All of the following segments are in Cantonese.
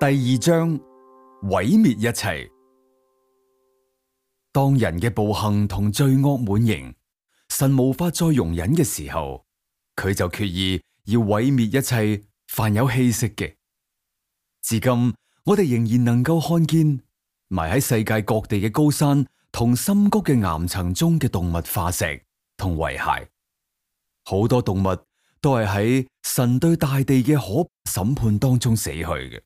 第二章毀滅一切。當人嘅暴行同罪惡滿盈，神無法再容忍嘅時候，佢就決意要毀滅一切凡有氣息嘅。至今我哋仍然能夠看見埋喺世界各地嘅高山同深谷嘅岩層中嘅動物化石同遺骸，好多動物都係喺神對大地嘅可審判當中死去嘅。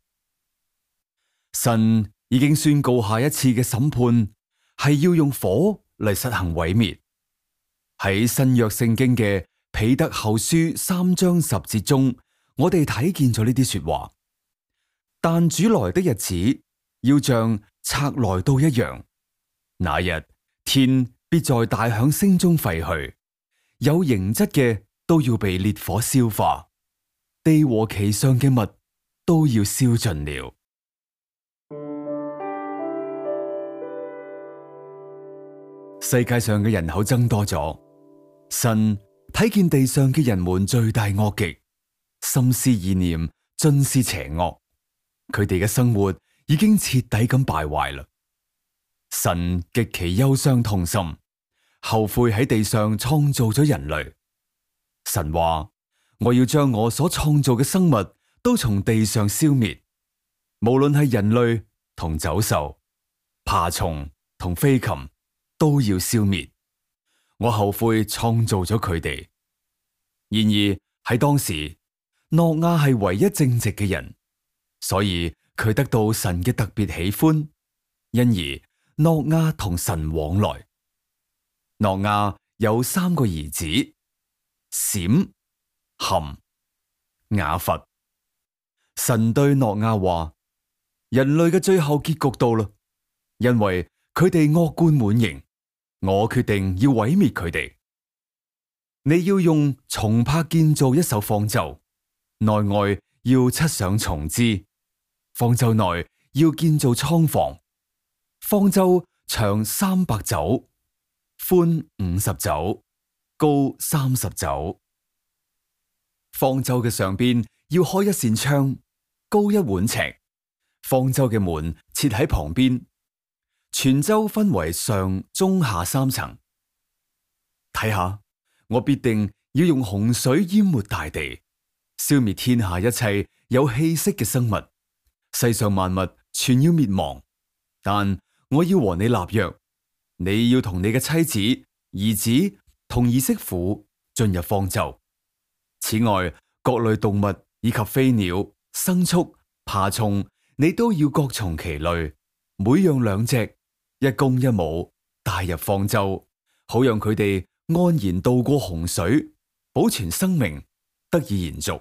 神已經宣告下一次嘅審判係要用火嚟實行毀滅。喺新約聖經嘅彼得後書三章十節中，我哋睇見咗呢啲說話。但主來的日子要像賊來到一樣。那日，天必在大響聲中廢去，有形質嘅都要被烈火銷化，地和其上嘅物都要燒盡了。世界上嘅人口增多咗，神睇見地上嘅人們罪大惡極，心思意念盡是邪惡，佢哋嘅生活已經徹底咁敗壞啦。神極其憂傷痛心，後悔喺地上創造咗人類。神話，我要將我所創造嘅生物都從地上消滅，無論係人類同走獸、爬蟲同飛禽。都要消滅，我後悔創造咗佢哋。然而喺當時，諾亞係唯一正直嘅人，所以佢得到神嘅特別喜歡。因而諾亞同神往來。諾亞有三個兒子：閃、含、雅弗。神對諾亞話：人類嘅最後結局到啦，因為佢哋惡貫滿盈。我決定要毀滅佢哋。你要用松柏建造一艘方舟，內外要漆上松脂。方舟內要建造倉房。方舟長三百肘，寬五十肘，高三十肘。方舟嘅上邊要開一扇窗，高一碗尺。方舟嘅門設喺旁邊。全州分為上、中、下三層。睇下，我必定要用洪水淹沒大地，消滅天下一切有氣息嘅生物，世上萬物全要滅亡。但我要和你立約，你要同你嘅妻子、兒子同兒媳婦進入方舟。此外，各類動物以及飛鳥、牲畜、爬蟲，你都要各從其類，每樣兩隻。一公一母帶入方舟，好讓佢哋安然渡過洪水，保存生命得以延續。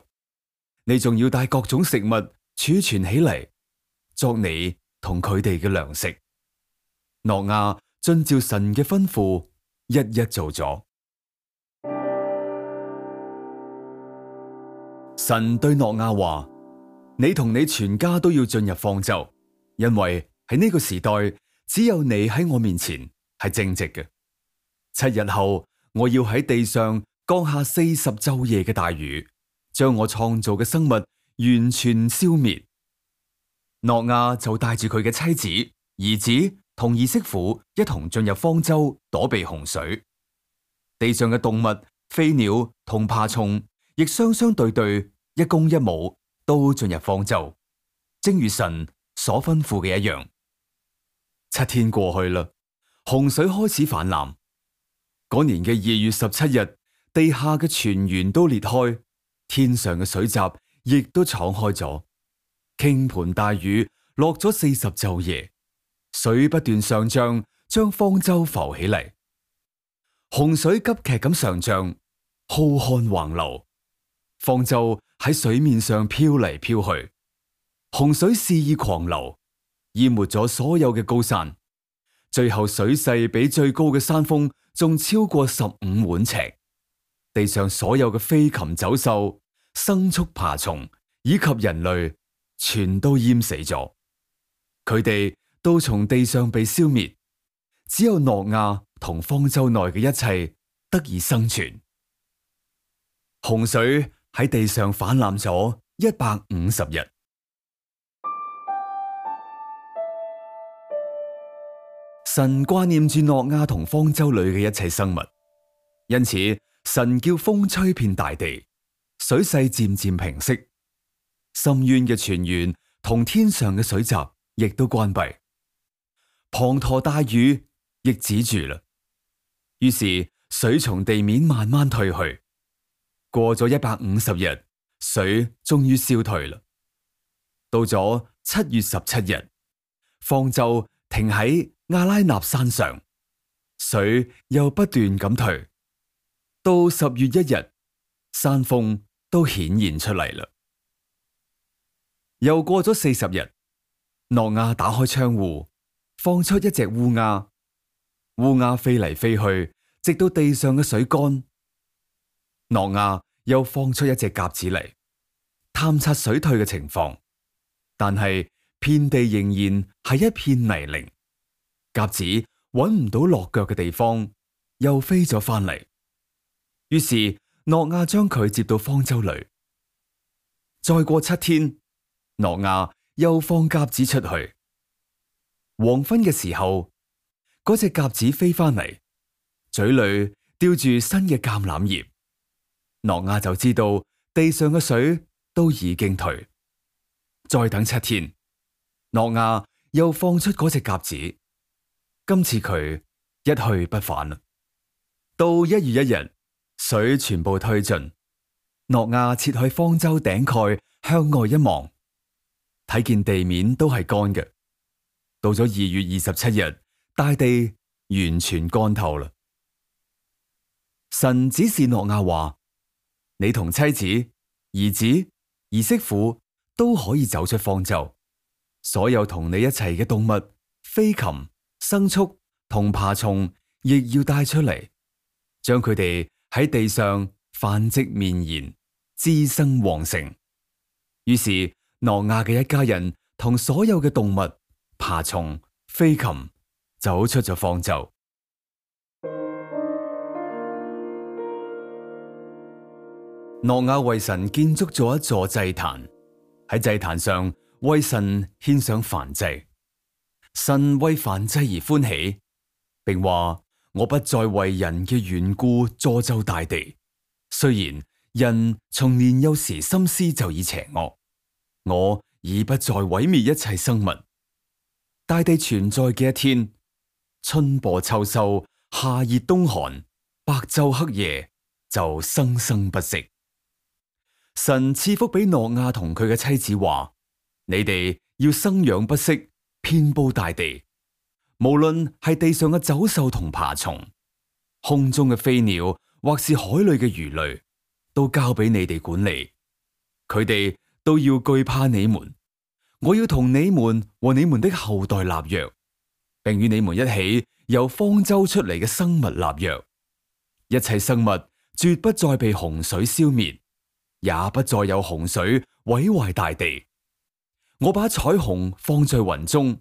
你仲要帶各種食物儲存起嚟，作你同佢哋嘅糧食。諾亞遵照神嘅吩咐，一一做咗。神對諾亞話，你同你全家都要進入方舟，因為喺呢個時代，只有你喺我面前係正直嘅。七日後，我要喺地上降下四十晝夜嘅大雨，將我創造嘅生物完全消滅。諾亞就帶住佢嘅妻子、兒子同兒媳婦一同進入方舟躲避洪水。地上嘅動物、飛鳥同爬蟲亦雙雙對對，一公一母都進入方舟，正如神所吩咐嘅一樣。七天過去啦，洪水開始泛濫。嗰年嘅二月十七日，地下嘅泉源都裂開，天上嘅水閘亦都敞開咗，傾盆大雨落咗四十晝夜，水不斷上漲，將方舟浮起嚟。洪水急劇咁上漲，浩瀚橫流，方舟喺水面上飄嚟飄去。洪水肆意狂流。淹沒咗所有嘅高山，最後水勢比最高嘅山峰仲超過十五碗尺。地上所有嘅飛禽走獸、牲畜、爬蟲以及人類，全都淹死咗。佢哋都從地上被消滅，只有諾亞同方舟內嘅一切得以生存。洪水喺地上泛濫咗一百五十日。神掛念住諾亞同方舟裏嘅一切生物，因此神叫風吹遍大地，水勢漸漸平息，深淵嘅泉源同天上嘅水閘亦都關閉，滂沱大雨亦止住啦。於是水從地面慢慢退去，過咗一百五十日，水終於消退啦。到咗七月十七日，方舟停喺。阿拉納山上，水又不斷咁退，到十月一日，山峰都顯現出嚟啦。又過咗四十日，諾亞打開窗戶，放出一隻烏鴉，烏鴉飛嚟飛去，直到地上嘅水乾。諾亞又放出一隻鴿子嚟，探測水退嘅情況，但係遍地仍然係一片泥濘。鴿子搵唔到落腳嘅地方，又飛咗翻嚟。於是諾亞將佢接到方舟裏。再過七天，諾亞又放鴿子出去。黃昏嘅時候，嗰隻鴿子飛翻嚟，嘴裏叼住新嘅橄欖葉。諾亞就知道地上嘅水都已經退。再等七天，諾亞又放出嗰隻鴿子。今次佢一去不返。到一月一日，水全部推進，諾亞撤去方舟頂蓋，向外一望，睇見地面都係乾嘅。到咗二月二十七日，大地完全乾透啦。神指示諾亞話：你同妻子、兒子、兒媳婦都可以走出方舟，所有同你一齊嘅動物、飛禽。牲畜同爬蟲亦要帶出嚟，將佢哋喺地上繁殖綿延，滋生旺盛。於是諾亞嘅一家人同所有嘅動物、爬蟲、飛禽走出咗方舟。諾亞為神建築咗一座祭壇，喺祭壇上為神獻上燔祭。神為燔祭而歡喜，並話：我不再為人嘅緣故咒詛大地。雖然人從年幼時心思就已邪惡，我已不再毀滅一切生物。大地存在嘅一天，春播秋收，夏熱冬寒，白晝黑夜就生生不息。神賜福俾諾亞同佢嘅妻子，話：你哋要生養不息。遍佈大地，無論係地上嘅走獸同爬蟲，空中嘅飛鳥，或是海裏嘅魚類，都交俾你哋管理。佢哋都要懼怕你們。我要同你們和你們的後代立約，並與你們一起由方舟出嚟嘅生物立約。一切生物絕不再被洪水消滅，也不再有洪水毀壞大地。我把彩虹放在雲中，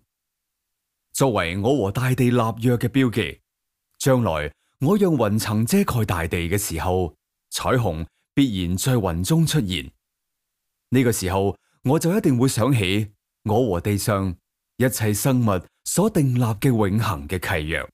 作為我和大地立約嘅標記。將來我讓雲層遮蓋大地嘅時候，彩虹必然在雲中出現。呢個時候，我就一定會想起我和地上一切生物所訂立嘅永恆嘅契約。